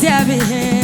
Debbie.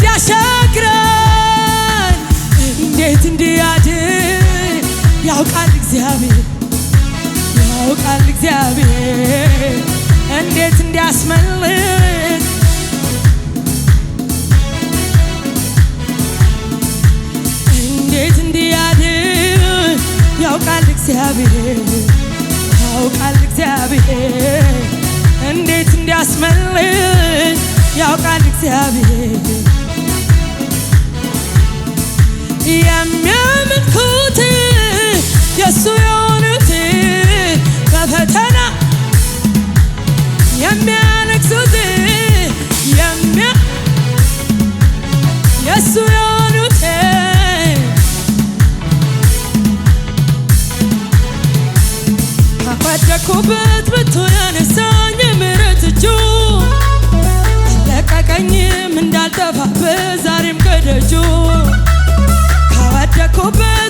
ቢያሻግረን እንዴት እንዲያድን ያውቃል እግዚአብሔር ያውቃል እግዚአብሔር እንዴት እንዲያስመልጥ እንዴት እንዲያድን ያውቃል እግዚአብሔር ያውቃል እግዚአብሔር እንዴት እንዲያስመልጥ ያውቃል እግዚአብሔር የሚያመልኩት የእሱ የሆኑት በፈተና የሚያነግሱት የእሱ የሆኑት ብቱ ያነሳኝ እጁ ለቀቀኝም ከደጁ Jacobin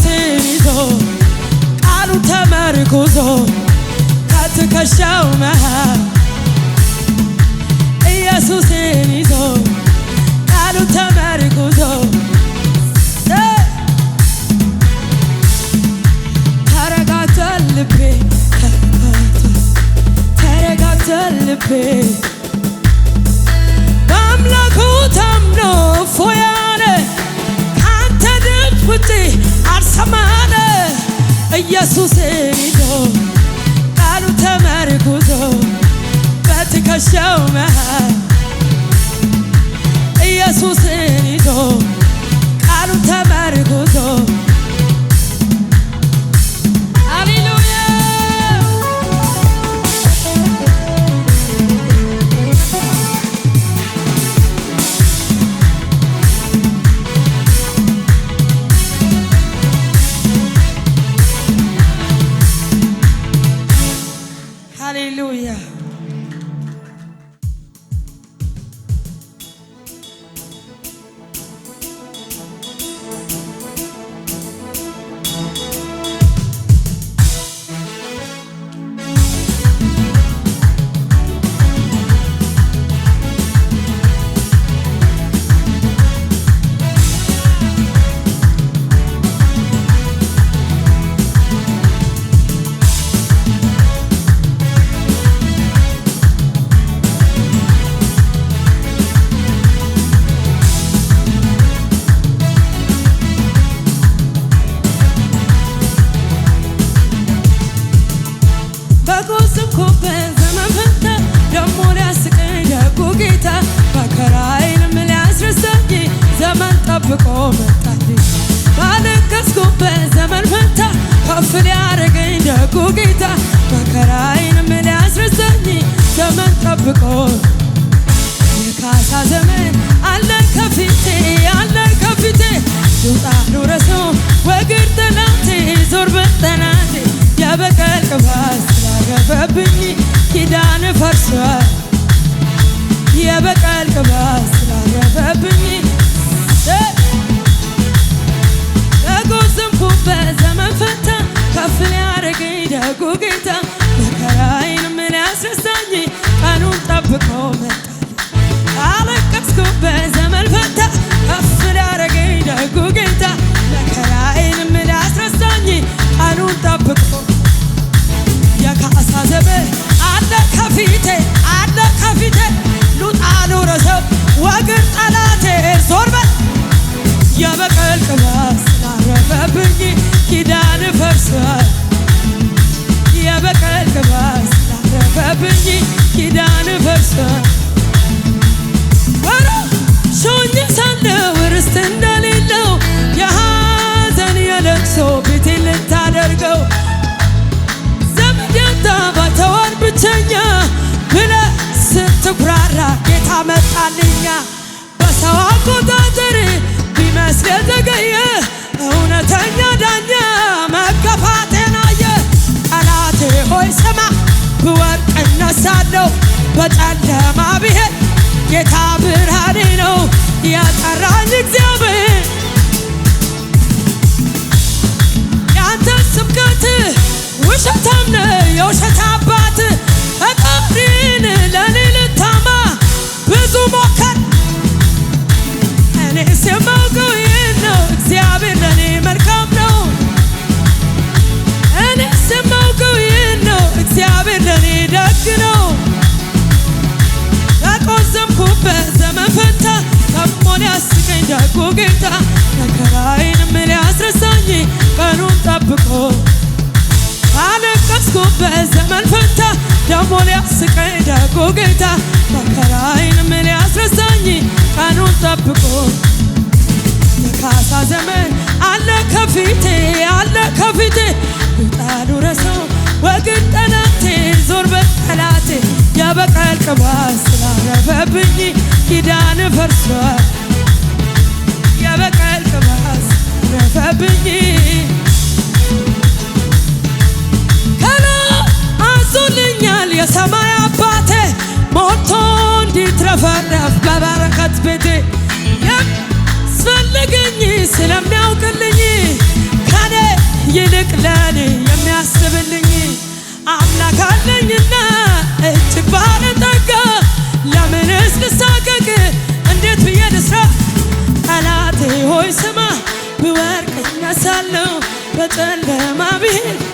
ራስን ይዞ ቃሉ ተመርኩዞ ከትከሻው መሃል ኢየሱስን ይዞ ቃሉ ተመርኩዞ ተረጋግቷል ልቤ ተረጋግቷል ልቤ በአምላኩ ታምኖ ፎያነ ካንተ ድምፅ ውጪ አልሰማነ ኢየሱስ ሄዶ ጠብቆ መጣልኝ ባለቀስኩበት ዘመን ፈንታ ከፍ ሊያደርገኝ ደጉ ጌታ መከራዬንም ሊያስረሳኝ ዘመን ጠብቆ የካሳ ዘመን አለ ከፊቴ አለ ከፊቴ ልውጣ ልውረሰው ወግር ጠላቴ ዞር በል የበቀል ቅባት ስላረፈብኝ ኪዳን ፈርሷል የበቀል ቅባት ስላረፈብኝ ተጎዘምኩበት ዘመን ፈታ ከፍ ሊያደርገኝ ደጉ ጌታ መከራዬን ምን ዘመን ፈታ ከፍ ሊያደርገኝ ደጉ ጌታ ከፊቴ አለ ከፊቴ ሉጣ ኑረሰ መጣልኛ በሰው አቆጣጠር ቢመስል የዘገየ እውነተኛ ዳኛ መከፋቴን አየ። ጠላቴ ሆይ ስማ፣ ብወድቅ እነሳለሁ። በጨለማ ብሄድ ጌታ ብርሃኔ ነው ያጠራኝ እግዚአብሔር ያንተ ስብከት ውሸታም ነው የውሸት አባት ፈጣሪን ለኔ ልት ብዙ ሞከር እኔ ደግሞ ሊያስቀኝ ዳጎ ጌታ መከራዬንም ሊያስረሳኝ ቀኑን ጠብቆ የካሳ ዘመን አለ ከፊቴ አለ ከፊቴ ቁጣሉ ረሰው ወግን ጠላቴ ዞር በጠላቴ የበቀል ቅባት ስላረፈብኝ ኪዳን ፈርሷል የበቀል ቅባት ረፈብኝ የሰማይ አባቴ ሞቶ እንዲትረፈረፍ በበረከት ቤቴ የሚያስፈልገኝ ስለሚያውቅልኝ ከኔ ይልቅ ለኔ የሚያስብልኝ አምላክ አለኝና እጅግ ባለጠጋ ለምንስ ልሳቀቅ? እንዴት ብዬ ልስራ? ጠላቴ ሆይ ስማ፣ ብወርቅ እነሳለሁ፣ በጨለማ ብሄድ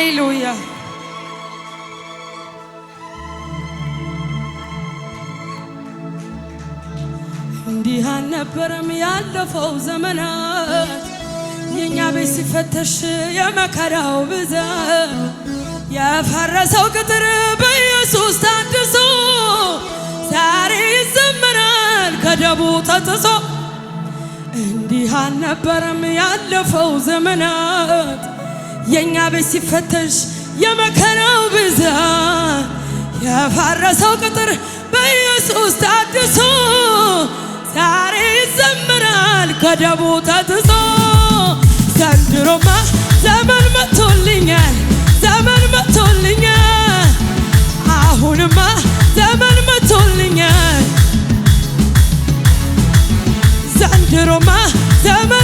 Aleluia. እንዲህ አልነበረም ያለፈው ዘመናት የእኛ ቤት ሲፈተሽ የመከራው ብዛት የፈረሰው ቅጥር በኢየሱስ ታድሶ ዛሬ ይዘመራል ከደቡ ተጥሶ እንዲህ አልነበረም ያለፈው ዘመናት የእኛ ቤት ሲፈተሽ የመከራው ብዛት የፈረሰው ቅጥር በኢየሱስ ታድሶ ዛሬ ይዘምራል ገደቡ ተጥሶ። ዘንድሮማ ዘመን መቶልኛል፣ ዘመን መቶልኛል፣ አሁንማ ዘመን መቶልኛል፣ ዘንድሮማ ዘመን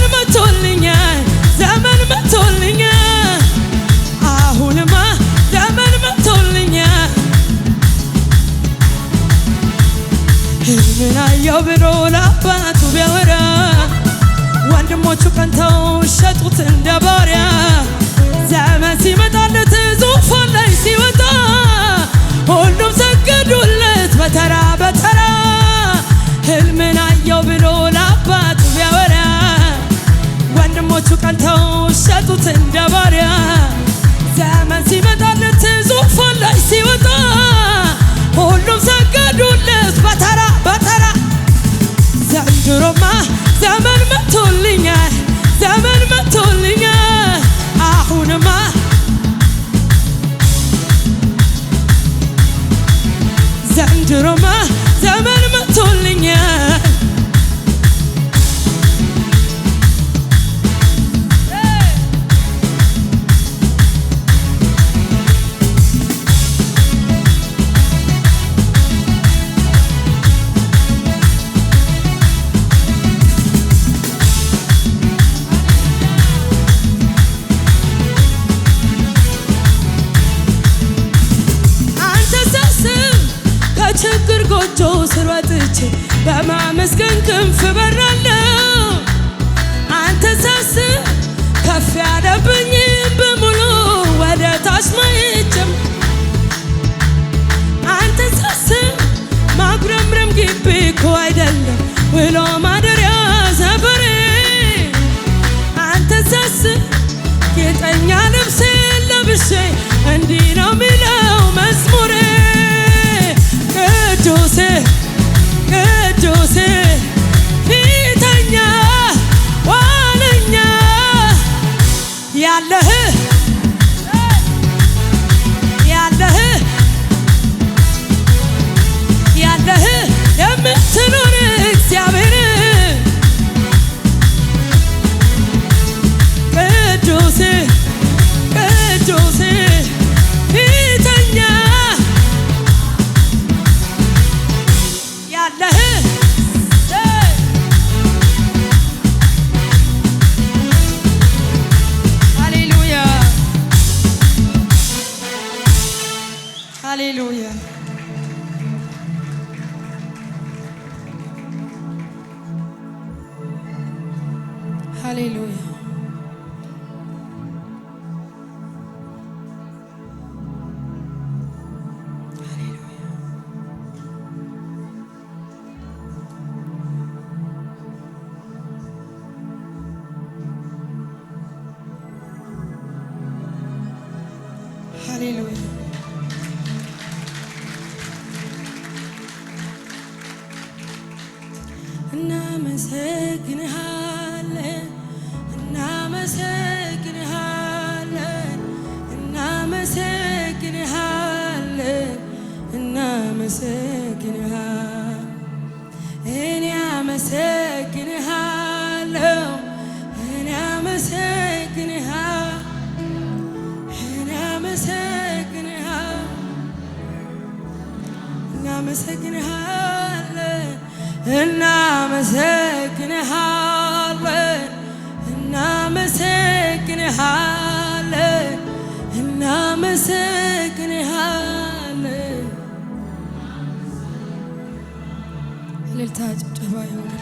ምን አየው ብሎ ለአባቱ ቢያወራ ወንድሞቹ ቀንተው ሸጡት እንደ ባሪያ። ዘመን ሲመጣለት ዙፋን ላይ ሲወጣ ሁሉም ሰገዱለት በተራ በተራ። ህልምን አየው ብሎ ለአባቱ ቢያወራ ወንድሞቹ ቀንተው ሸጡት እንደ ባሪያ 들어만 ለማመስገን ክንፍ አመሰግንሃለሁ እኔ አመሰግንሃለሁ እኔ አመሰግንሃለሁ እናመሰግንሃለን እናመሰግንሃለን እናመሰግንሃለን እልልታ ጭብጨባ